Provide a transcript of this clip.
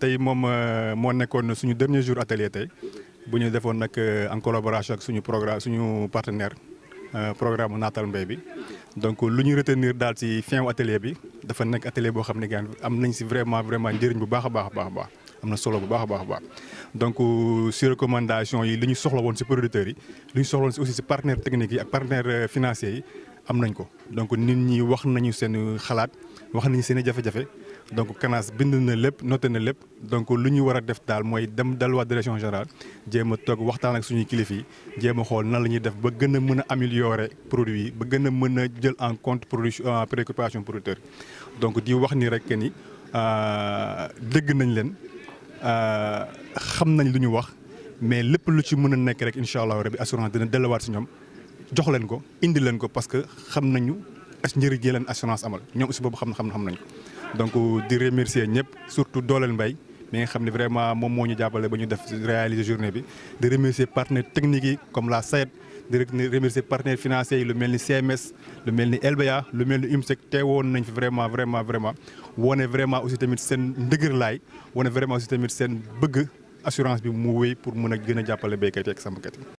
tey moom euh, moo nekkoon suñu dernier jour atelier tey bu ñuy defoon nag euh, en collaboration ak suñu programme suñu partenaire euh, programme naatal mbay bi donc lu ñuy retenir daal ci fin wu atelier bi dafa nekk atelier boo xam ne gaan am nañ si vraiment vraiment njëriñ bu baax a baax a baax am na solo bu baax a baax a baax donc ci recommandation yi li ñu soxla woon si producteurs yi lu ñu soxla woon aussi ci partenaires techniques yi ak partenaires financiers yi am nañ ko donc nit ñi wax nañu seen xalaat wax nañu seen i jafe-jafe donc CANAS bind na lépp noté na lépp donc lu ñu war a def daal mooy dem dalluwaat direction générale jéem a toog waxtaan ak suñuy kilifa yi jéem a xool nan la ñuy def ba gën a mën a améliorer produit yi ba gën a mën a jël en compte production euh, préoccupation producteur donc di wax ni rek ni euh, dégg nañ leen euh, xam nañ lu ñu wax mais lépp lu ci mën a nekk rek incha allah rabi assurance dina delluwaat si ñoom. jox leen ko indi leen ko parce que xam nañu as njëriñ ji leen assurance amal ñoom aussi boobu xam na xam nañ ko. donc di remercier ñëpp surtout dooleel mbay mi nga xam ne vraiment moom moo ñu jàppale ba ñu def réaliser journée bi di remercier partenaires technique yi comme la SAED di remercier partenaires financiers yi lu mel ni CMS lu mel ni LBA lu mel ni UMSEC woon nañ fi vraiment vraiment vraiment wone vraiment aussi tamit seen ndëgër laay wone vraiment tamit seen bëgg assurance bi mu wéy pour mën a gën a jàppale béykat yi ak